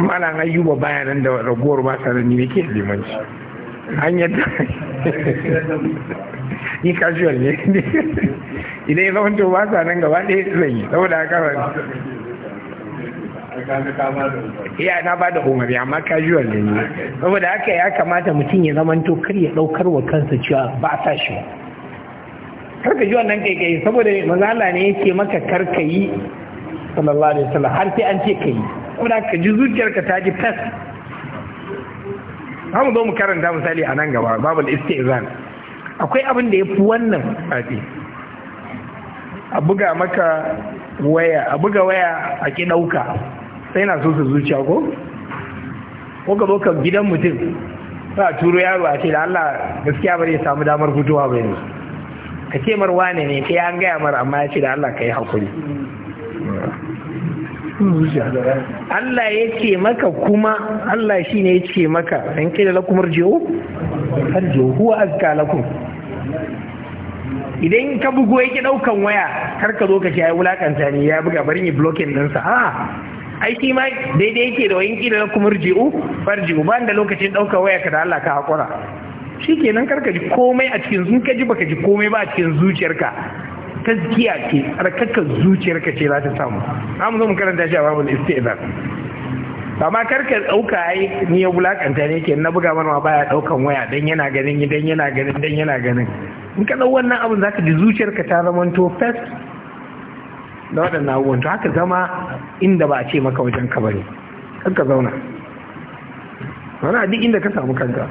malam ayyuba baya bayanan da ragowar ba sa ni nake limanci an yadda [laughs] ni casual ne [laughs] idan ya zama ba sa nan gaba ɗaya zai yi saboda haka iya na ba da umari amma casual ne saboda haka ya kamata mutum ya zamanto kar ya ɗaukar wa kansa cewa ba a sa shi karka ji wannan kai-kai saboda mazala ne yake maka karka yi sallallahu alaihi wasallam har sai an ce ka yi kuma ka ji zuciyarka ta ji fas za mu zo mu karanta misali a nan gaba babu istizan akwai abin da ya fi wannan fadi a buga maka waya a buga waya a ki dauka sai na so su zuciya ko ko ka zo gidan mutum ba turo yaro a ce da Allah gaskiya bare ya samu damar fitowa ba yanzu ka ce marwa ne ne kai an gaya mara amma ya ce da Allah ka yi haƙuri Allah ya ce maka kuma Allah shi ne ya ce maka in kai da lakumar jiyo? Arjiyo huwa azka lakum idan ka bugo yake daukan waya kar ka zo ka ce ai wulakanta ne ya buga bari ni blocking ɗinsa a ai shi ma daidai yake da wayin kila lakumar jiyo farjiyo ba da lokacin daukan waya ka da Allah ka haƙura shi kenan karka ji komai a cikin sun ka ji baka ji komai ba a cikin zuciyarka zikiya ce tsarkakar zuciyarka ce za ta samu amma zo mu karanta shi a babul ba amma karka dauka ai ni ya bulakanta ne ke na buga mana baya daukan waya dan yana ganin dan yana ganin dan yana ganin in ka dau wannan abin zaka ji zuciyarka ta to first da wadannan abubuwan to haka zama inda ba a ce maka wajen ka bane kar ka zauna wani duk inda ka samu kanka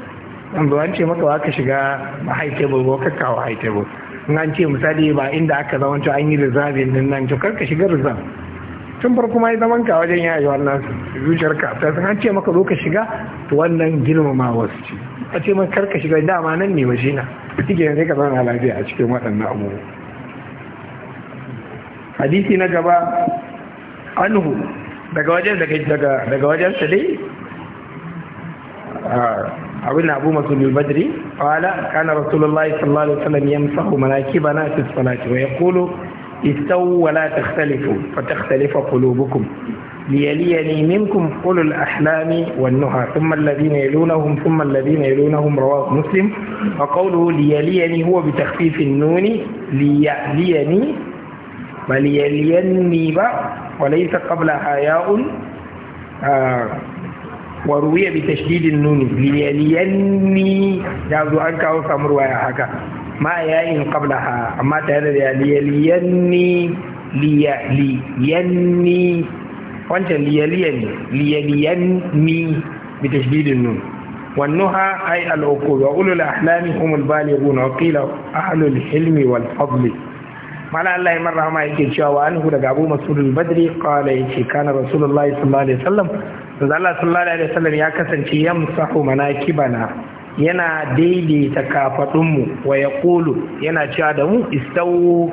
an ba wance maka ba ka shiga high table ko ka kawo high table in an ce misali ba inda aka zama to an yi reserving din nan to kar ka shiga reserve tun farko ma zaman ka wajen ya yi wannan zuciyar ka ta san an ce maka zo ka shiga to wannan girmama wasu ce a ce man kar ka shiga dama nan ne waje na kike yanzu ka zama lafiya a cikin waɗannan abubuwa hadisi na gaba anhu daga wajen daga wajen sa dai ah. أبن أبو مسعود البدري قال كان رسول الله صلى الله عليه وسلم يمسح مناكبنا في الصلاة ويقول استووا ولا تختلفوا فتختلف قلوبكم ليليني منكم أولو الأحلام والنهى ثم الذين يلونهم ثم الذين يلونهم رواه مسلم وقوله ليليني هو بتخفيف النون ليليني وليليني وليس قبلها ياء آه wa bi tashdidin nun liyaliyanni da zo an kawo samu ruwaya haka ma yayin qablaha amma tare da liyaliyanni liyaliyanni wancan liyaliyanni liyaliyanni bi tashdidin nun والنهى أي العقول وأولو الأحلام هم البالغون وقيل أهل الحلم والفضل yake cewa wa anhu daga badri qala yace kana Allah sallallahu alaihi wasallam ya kasance yamsahu manakibana yana daidaita kafadunmu wa ya yana cewa da mu istawu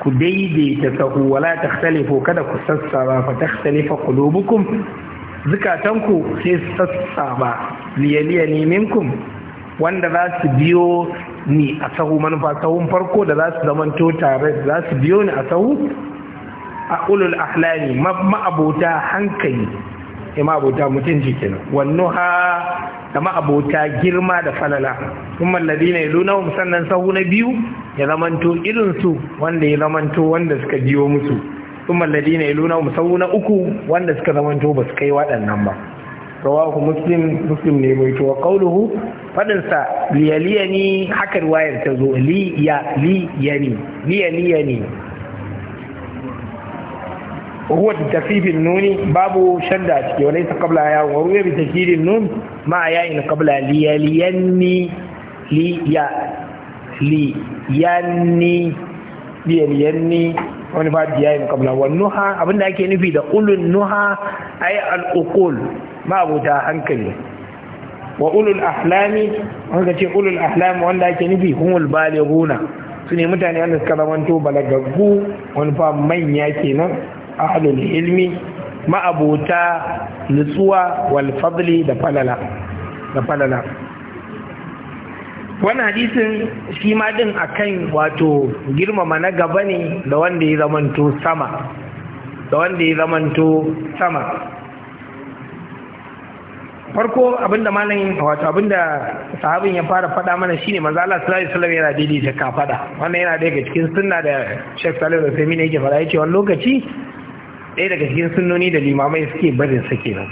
ku daidaita sahu wala takhtalifu kada ku sassaba fa takhtalifa qulubukum ku sai sassaba liyaliya ne minkum wanda za su biyo ni a sahu manufa sahun farko da za su zamanto tare za su biyo ni a sahu a ulul ahlami ma'abota hankali ima abota mutunci kenan wannu ha da ma'abota girma da falala kuma ladina yalunahum sannan sahu na biyu ya zamanto irin su wanda ya zamanto wanda suka biyo musu kuma ladina yalunahum sahu na uku wanda suka zamanto ba su kai waɗannan ba rawahu muslim muslim ne mai to qawluhu faɗinsa sa liyaliyani haka riwayar ta zo li ya liyani liyaliyani هو tafifin nuni babu shadda a ciki walaysa qabla ya wa ruwa bi nun ma ya in qabla liyaliyanni li ya wani ba ya in qabla wa nuha ake nufi da ulun nuha ay al uqul ma abuta hankali wa ulul ahlami wanda ce ulul ahlam wanda ake nufi humul balighuna su mutane wanda suka zamanto balagaggu wani fa manya kenan ahlul ilmi ma'abota nutsuwa wal fadli da falala da falala wannan hadisin shi ma din akan wato girmama na gaba ne da wanda ya zamanto sama da wanda ya zamanto sama farko abinda malamin wato abinda sahabin ya fara fada mana shine manzo Allah sallallahu alaihi wasallam yana daidai da ka fada wannan yana daga cikin sunna da Sheikh Salih Al-Uthaymeen yake fara yace wani lokaci ɗaya daga cikin sunnoni da limamai suke barin sake nan.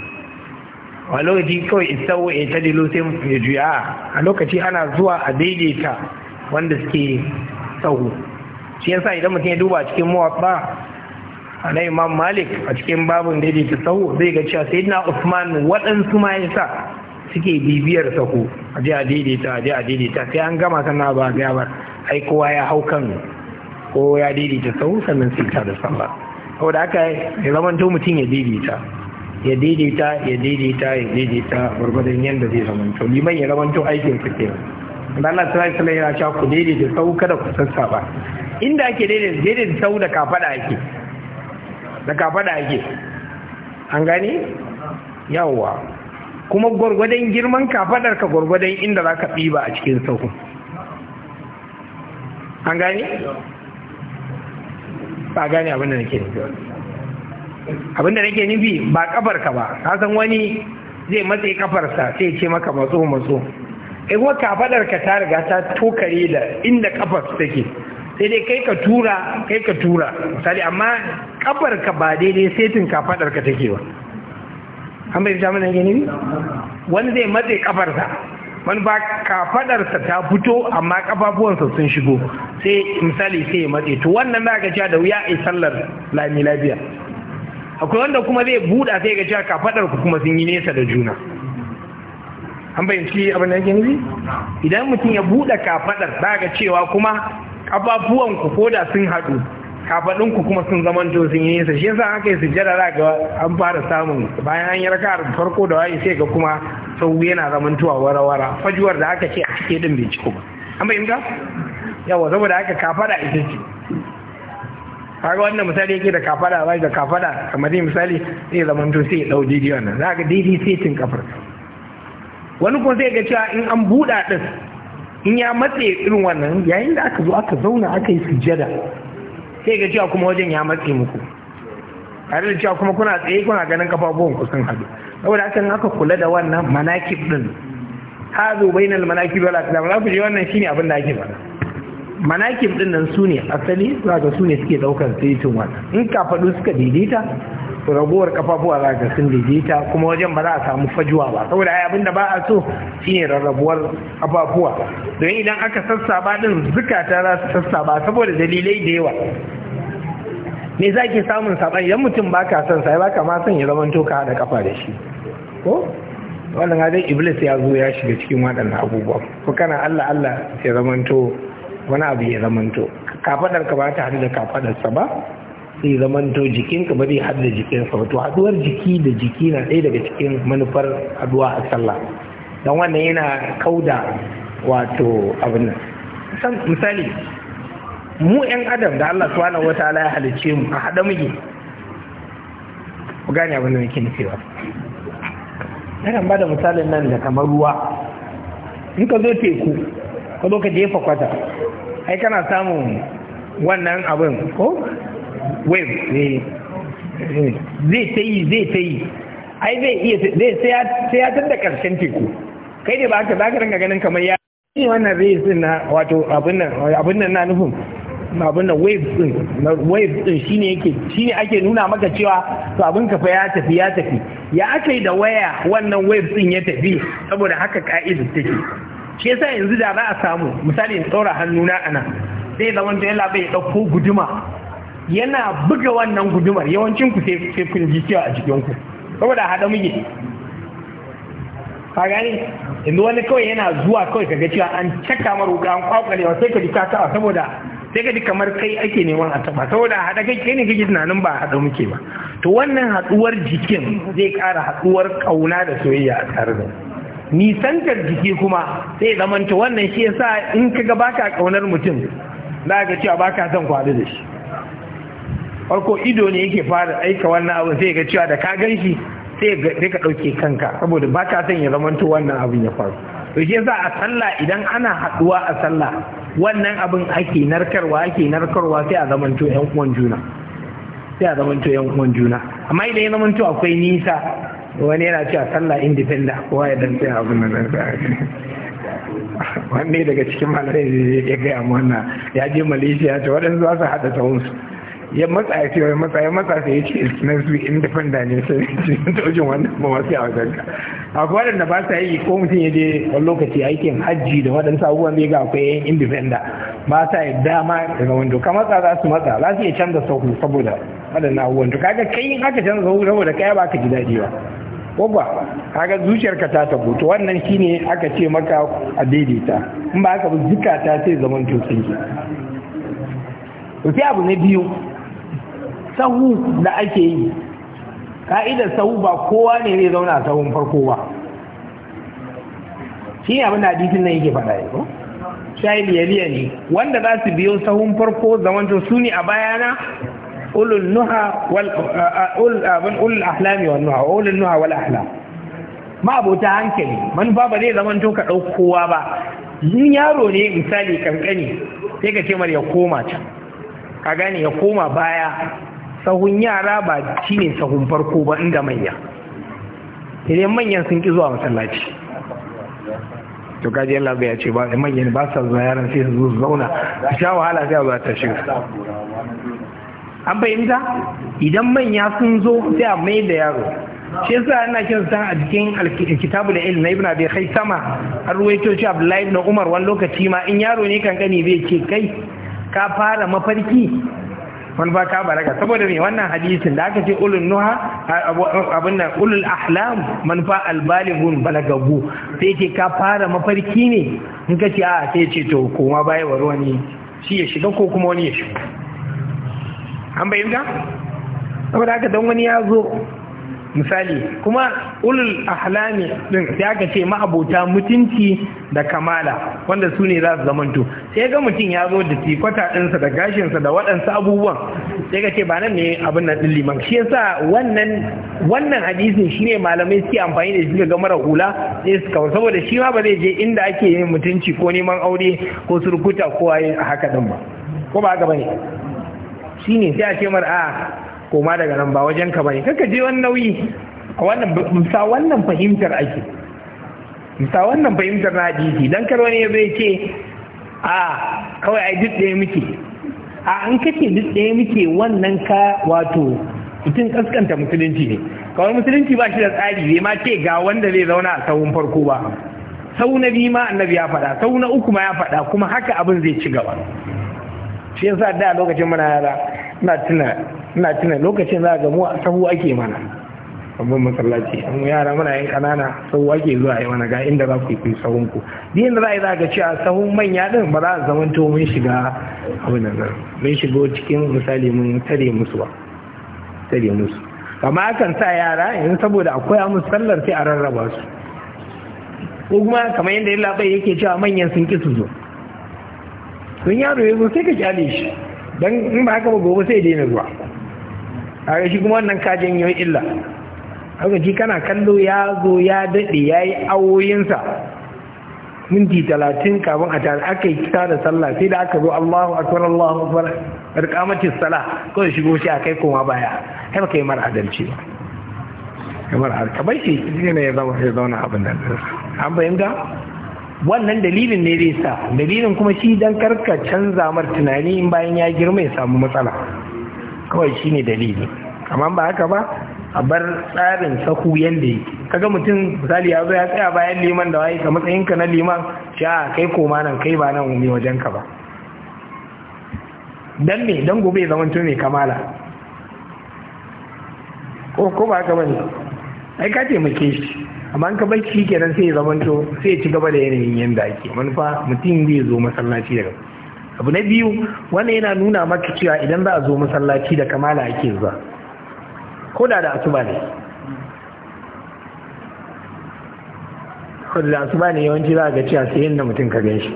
a lokaci kawai isawo ya ta dilo sai ya juya a lokaci ana zuwa a daidaita wanda suke tsawo shi yasa idan mutum ya duba cikin a na imam malik a cikin babin daidaita tsawo zai ga cewa sai na usman waɗansu ma ya sa suke bibiyar tsawo a je a daidaita a je a daidaita sai an gama sana ba gaya ba ai kowa ya hau kan ko ya daidaita sahu sannan sai ta da sallah saboda yi zaman to mutum ya daidaita ya daidaita ya daidaita ya daidaita gwargwadon yadda zai to liman ya to aikin ku ke Allah sallallahu alaihi yana sha ku daidaita sau kada ku ba inda ake daidaita daidaita sau da kafada ake da kafada ake an gane yawwa kuma gwargwadon girman kafadar ka gwargwadon inda za ka ɗiba a cikin sau an gane ba gane abin da nake nufi abin da nake nufi ba kafar ka ba ka san wani zai matse kafarsa sai ce maka matso matso in eh, kuma kafadar ka ta riga ta tokare da inda kafar take sai dai kai ka tura kai ka tura misali amma kafar ka ba daidai setin kafadar ka take ba an bai ta mana gani wani zai matse kafarsa wani ba kafadarsa ta fito amma kafafuwansa sun shigo sai misali sai ya matse to wannan za ga cewa da wuya a sallar lami lafiya akwai wanda kuma zai buɗa sai ga cewa kafadar ku kuma sun yi nesa da juna an bayyanci abin da yake yanzu? idan mutum ya buɗe kafadar za ga cewa kuma kafafuwan ko da sun haɗu ku kuma sun zama to sun yi nisa shi yasa aka yi sujjada za ga an fara samun bayan an yi raka farko da waye sai ga kuma sau yana zamantowa wara-wara fajuwar da aka ce a cike din bai ciko ba an fahimta yawa saboda aka kafaɗa ita ce kaga wannan misali yake da kafaɗa ba da kafaɗa kamar yin misali sai zaman to sai ya ɗau daidai wannan za ga daidai cin kafar wani kuma sai ga cewa in an buɗa ɗin in ya matse irin wannan yayin da aka zo aka zauna aka yi sujjada sai ga cewa kuma wajen ya matse muku tare da cewa kuma kuna tsaye kuna ganin kafafuwan ku sun haɗu saboda haka aka kula da wannan manakib din hazo bainal manakib wala kalam za ku je wannan shine abin da ake fara manakib din nan sune asali za ka sune suke daukar saitin wannan in ka faɗo suka daidaita raguwar kafafuwa za ka sun daidaita kuma wajen ba za a samu fajuwa ba saboda ai abinda ba a so shine rarrabuwar kafafuwa don idan aka sassaba din zukata za su sassaba saboda dalilai da yawa me za ki samun saban idan mutum ba ka son sai ba ka ma son ya zama to ka kafa da shi ko wannan dai iblis ya zo ya shiga cikin waɗannan abubuwa ko kana Allah Allah ya zama to wani abu ya zama to kafadar ka ba ta hadu da sa ba sai zamanto jikinka ba zai haɗa jikinsa ba to haɗuwar jiki da jiki na ɗaya daga cikin manufar haɗuwa a sallah don wannan yana kauda wato abin nan misali mu 'yan adam da Allah subhanahu wata ala ya halicce mu a haɗa muke ku gane abin da muke nufi Yana ba da misalin nan da kamar ruwa in ka zo teku ka zo ka jefa kwata ai kana samun wannan abin ko wave eh. Eh. zai ta yi zai ta yi ai zai iya sai ya da karshen teku kai ne ba haka za ka ringa ganin kamar ya yi wannan zai sun na wato abin nan na nufin abin nan waves din na waves din shine yake shine ake nuna maka cewa to abin ka fa ya tafi ya tafi ya aka yi da waya wannan wave din ya tafi saboda haka ka'idar take shi yasa yanzu da za a samu misali in tsora hannuna a nan sai zaman da yalla bai dauko guduma yana buga wannan gudumar yawancin ku sai kun ji cewa a cikin ku saboda haɗa muke ka gani inda wani kawai yana zuwa kawai kaga cewa an caka mara ga an kwakwarewa sai ka ji ka saboda sai ka ji kamar kai ake neman a taba saboda haɗa kai kai ne kake tunanin ba haɗa muke ba to wannan haduwar jikin zai kara haɗuwar ƙauna da soyayya a tare da nisantar jiki kuma sai zamanta wannan shi yasa in kaga baka kaunar mutum za ka cewa baka son kwadu da shi farko ido ne yake fara aika wannan abin sai ga cewa da ka gan shi sai ka ɗauke kanka saboda ba ka son ya zamanto wannan abin ya faru to shi yasa a sallah idan ana haɗuwa a sallah wannan abin ake narkarwa ake narkarwa sai a zamanto yan uwan juna sai a zamanto yan uwan juna amma idan ya zamanto akwai nisa wani yana cewa sallah independent ko ya dan sai abin nan wanne daga cikin malamai ya gaya mu wannan ya je malaysia ta waɗansu za su haɗa tsawonsu ya matsa ya ce ya matsa ya matsa sai ya ce it's not independent ne sai ce ta wajen wannan ba wasu a wajen ka akwai waɗanda ba sa yi ko mutum ya je wani lokaci aikin hajji da waɗansu abubuwan zai ga akwai yan independent ba sa yi dama daga wando ka matsa za su matsa za su iya canza sauku saboda waɗannan abubuwan to kaga kai in aka canza sauku saboda kai ba ka ji daɗi ba Oba, kaga zuciyarka ta tabo to wannan shine aka ce maka a daidaita in ba haka ba zukata sai zaman to sun sai abu na biyu sahu da ake yi ka'idar sahu ba kowa ne zai zauna a sahun farko ba shi ne abin da hadisin nan yake faɗa ya ko shayi liyaliya ne wanda za su biyo sahun farko zamanto su ne a bayana ulul nuha wal uh, uh, ulul ahlami wal nuha ulul nuha wal ahlam ma abota hankali manufa ba zai zamanto ka ɗau kowa ba yin yaro ne misali kankani sai ka ce mar ya koma can ka gane ya koma baya sahun yara ba shi ne sahun farko ba inda manya idan manyan sun ƙi zuwa masallaci to kaji Allah ya ce ba manyan ba sa zuwa yaran sai su zauna su sha wahala sai zuwa ta shiga an fahimta idan manya sun zo sai a mai da yaro shi yasa ina kin san a cikin alkitabu da ilmi na ibn abi khaisama an ruwaito shi abdullahi ibn umar wani lokaci ma in yaro ne kankani zai ce kai ka fara mafarki wani ba ta baraka saboda me wannan hadisin da aka ce ulul nuha abin nan ulul ahlam man fa albalighun balagabu sai ce ka fara mafarki ne in ka ce a ah, sai ce to koma baya wa ne shi ya shiga ko kuma wani ya shiga an bayyana saboda haka don wani ya zo misali kuma ulul ahlami din sai aka ce abota mutunci da kamala wanda su ne za su zamanto sai ga mutum ya zo da tikwata ɗinsa da gashinsa da waɗansu abubuwan sai ga ce ba nan ne abin nan ɗin liman shi yasa wannan wannan hadisin shine malamai suke amfani da shi ga mara hula sai su kawo saboda shi ma ba zai je inda ake yin mutunci ko neman aure ko surkuta ko a haka din ba ko ba haka bane shine sai a ce mar a ah, koma daga nan ba wajen ka bane kaka je wani nauyi a wannan musa wannan fahimtar ake musa wannan fahimtar na hadisi dan kar wani ya bai ce a kawai ai duk ɗaya muke a an kace duk ɗaya muke wannan ka wato mutum kaskanta musulunci ne kawai musulunci ba shi da tsari bai ma ce ga wanda zai zauna a sahun farko ba sau na biyu ma annabi ya faɗa sau na uku ma ya faɗa kuma haka abin zai ci gaba shi yasa da lokacin muna yara ina tuna ina tuna lokacin za ga mu sahu ake mana babban masallaci an yara muna yan kanana sahu ake zuwa yi mana ga inda za ku yi sahun ku din da za a yi za ga a sahun manya din ba za a zaman to mun shiga abin nan mun shigo cikin misali mun tare musu ba tare musu amma akan sa yara yanzu saboda akwai a musallar sai a rarraba su ko kuma kamar yadda yalla bai yake cewa manyan sun ki su zo sun yaro ya zo sai ka kyale shi dan in ba haka ba gobe sai ya daina zuwa a shi kuma wannan ka yi illa haka shi kana kallo ya zo ya daɗe ya yi awoyinsa minti talatin kafin a tare aka yi kita da sallah sai da aka zo allahu akwai allahu akwai alƙamacin sala kawai shigo shi a kai koma baya kai baka yi mara adalci ba kamar harka bai shi ne ya zauna abin da an fahimta wannan dalilin ne zai sa dalilin kuma shi dan karka canza martinani in bayan ya girma ya samu matsala kawai shi ne dalili amma ba haka ba a bar tsarin sahu yadda yi kaga mutum misali ya zo ya tsaya bayan liman da waye ka matsayinka na liman sha ah, kai koma nan kai ba nan mai wajen ka ba don me don gobe zaman tun mai kamala ko ko ba haka bane ai ka taimake shi amma an ka bar shi kenan sai ya zaman to sai ci gaba da yanayin yanda ake manufa mutum zai zo masallaci daga abu na biyu wannan yana nuna maka cewa idan za a zo masallaci da kamala ake zuwa ko da da asuba ne ko da asuba ne yawanci za a ga cewa sai yin da mutum ka gan shi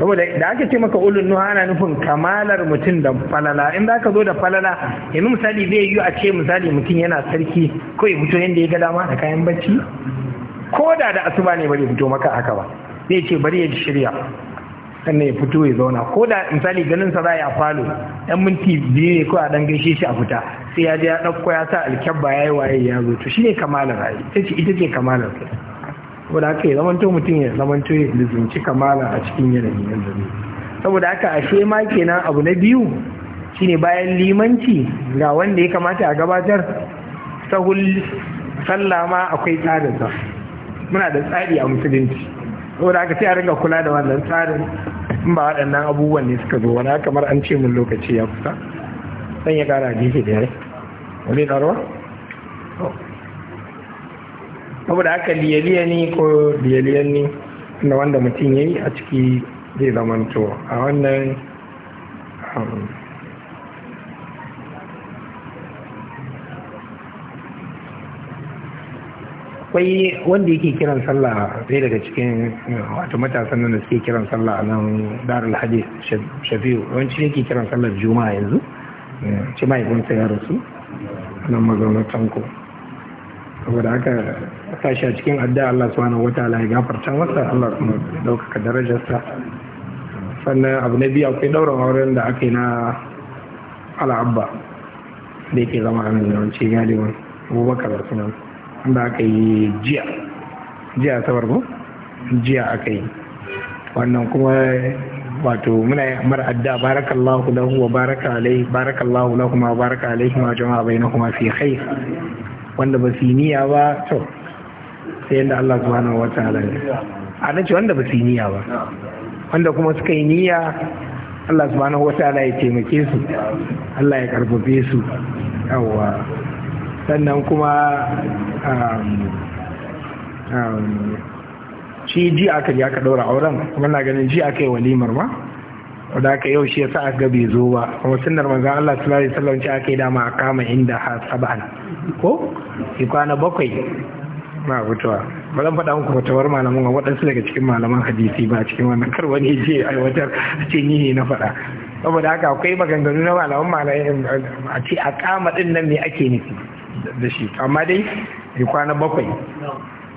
saboda da aka ce maka ulun nuha ana nufin kamalar mutum da falala in za ka zo da falala yanzu misali zai yi a ce misali mutum yana sarki ko ya fito yadda ya ga dama da kayan bacci ko da da asuba ne bari fito maka haka ba zai ce bari ya ji shirya sannan ya fito ya zauna ko da misali ganin sa za a falo dan minti biyu ne ko a dan gaishe shi a fita sai ya je ya ɗauko ya sa alkyabba ya yi waye ya zo to shine kamalar ayi ita ce kamalar saboda haka ya zamanto mutum ya zamanto ya lizinci kamala a cikin yanayin zane saboda haka ashe ma kenan abu na biyu shine bayan limanci ga wanda ya kamata a gabatar sahul sallah ma akwai tsadarsa, muna da tsari a musulunci saboda haka sai a ringa kula da wannan tsarin in ba waɗannan abubuwan ne suka zo wani kamar an ce mun lokaci ya kusa zan ya kara gefe da yare wani saboda haka liyaliya ni ko liyaliyan ni na wanda mutum ya yi a ciki zai zamanto a wannan um, kwai wanda yake kiran sallah sai daga cikin uh, wato matasan nan da suke kiran sallah a nan darul hadis shafi'u wanci yake kiran sallah juma'a yanzu ce uh, mahaifinsa ya rasu nan mazaunar tanko saboda haka sashi a cikin adda Allah subhanahu wataala ya gafarta masa Allah kuma ɗaukaka darajarsa sannan abu na biyu akwai daura auren da aka yi na al'abba da yake zama a nan yawanci galibin abubakar da sunan da aka yi jiya jiya sabar ko jiya aka yi wannan kuma wato muna yi mara adda barakallahu lahu wa baraka alaihi barakallahu lahu ma baraka alaihi ma jama'a kuma fi khair wanda ba su yi niyya ba to sai yadda Allah subhanahu wa ta'ala ne a nan ce wanda ba su yi niyya ba wanda kuma suka yi niyya Allah subhanahu wa ta'ala ya taimake su Allah ya karfafe su yawa sannan kuma um, um, shi ji aka ji aka ɗaura auren kuma na ganin ji aka yi walimar ma wadda aka yau shi ya sa aka bai zo ba kuma sunnar manzan Allah sallallahu alaihi wasallam ce aka yi dama a kama inda ha sab'an ko ki kwana bakwai Ba fitowa ba zan faɗa muku fatawar malaman ga waɗansu daga cikin malaman hadisi ba cikin wannan kar wani je a ce cikin ne na faɗa saboda haka akwai maganganu na malaman malaman eh, a ce a kama ɗin nan ne ake nufi da shi amma dai ki kwana bakwai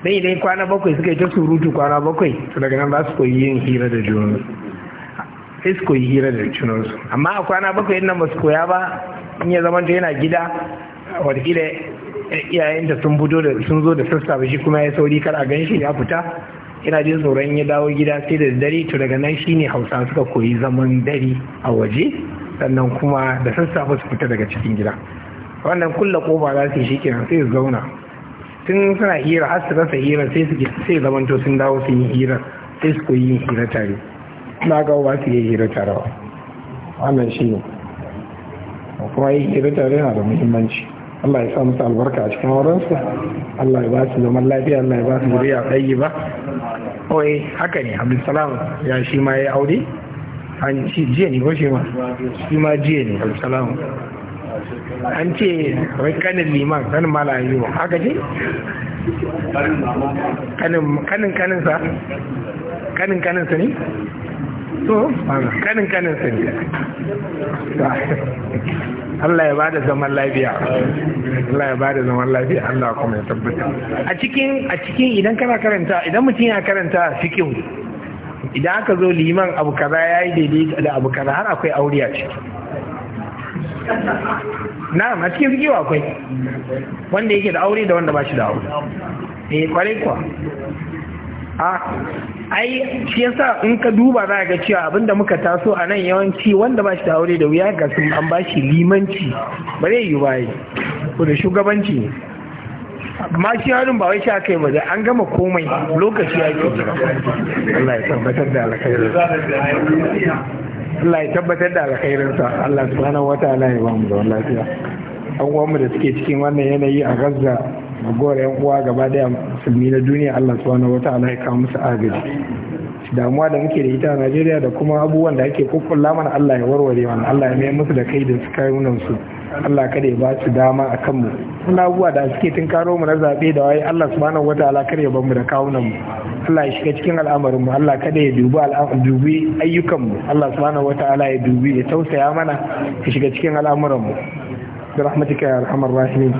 dai idan kwana bakwai suka yi ta surutu kwana bakwai to daga nan za su koyi yin hira da junansu sai su koyi hira da junansu amma a kwana bakwai nan ba su koya ba in ya zama yana gida wadakila eh, iyayen da sun budo da sun zo da sassafe shi kuma ya sauri kar a ganshi ya fita yana jin tsoron ya dawo gida sai da dare to daga nan shine hausa suka koyi zaman dare a waje sannan kuma da sassafe su fita daga cikin gida wannan kulla kofa za su yi shi kenan sai su zauna tun suna hira har su rasa hira sai su sai zamanto sun dawo sun yi hira sai su koyi yin hira tare na ga ba su yi hira tare wannan shine kuma yin hira tare yana da muhimmanci Allah ya sa musu albarka a cikin aurensu Allah ya ba su zaman lafiya Allah ya ba su zuriya tsayi ba oye haka ne Abdulsalam ya shi ma ya aure an shi jiya ne ko shi ma shi ma jiya ne Abdulsalam an ce kanin liman kanin mala yi wa haka ce? kanin kaninsa kanin kaninsa ne? so kanin kaninsa ne Allah ya bada zaman lafiya Allah ya bada zaman lafiya Allah kuma ya tabbata a cikin a cikin idan kana karanta idan mutum ya karanta fiqh idan aka zo liman abu kaza yayi daidai da abu kaza har akwai aure a ciki na'am a cikin fiqh akwai wanda yake da aure da wanda ba shi da aure eh kwarai kuwa a ah, ai shi yasa in ka duba za ga cewa abinda muka taso a nan yawanci wanda ba shi da aure da wuya ga sun an ba shi limanci ba zai yi ko da shugabanci ne amma shi harin ba wai shi aka yi ba an gama komai lokaci ya ke Allah ya tabbatar da alkhairin Allah ya tabbatar da alkhairin sa Allah subhanahu ta'ala ya ba mu da lafiya an mu da suke cikin wannan yanayi a gazza gore yan uwa gaba daya musulmi na duniya Allah subhanahu wataala ya kawo musu agaji damuwa da muke da ita a Najeriya da kuma abubuwan da ake kukkulla mana Allah ya warware mana Allah ya mayar musu da kai da suka nunan su Allah kada ya ba su dama a kanmu kuma abubuwa da suke tun karo mu na zaɓe da waye Allah subhanahu wataala kada ya bar mu da nan mu Allah ya shiga cikin al'amarin mu Allah kada ya dubi ayyukanmu ayyukan mu Allah subhanahu wataala ya dubi ya tausaya mana ya shiga cikin al'amuran mu برحمتك يا ارحم الراحمين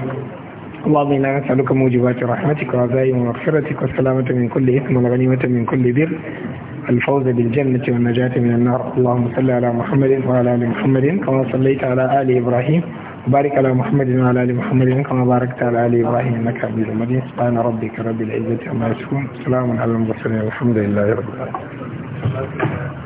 اللهم إنا نسألك موجبات رحمتك وعزائم مغفرتك والسلامة من كل إثم والغنيمة من كل بر الفوز بالجنة والنجاة من النار اللهم صل على محمد وعلى آل محمد كما صليت على آل إبراهيم وبارك على محمد وعلى آل محمد كما باركت على آل إبراهيم إنك حميد مجيد سبحان ربك رب العزة عما يصفون سلام على المرسلين والحمد لله رب العالمين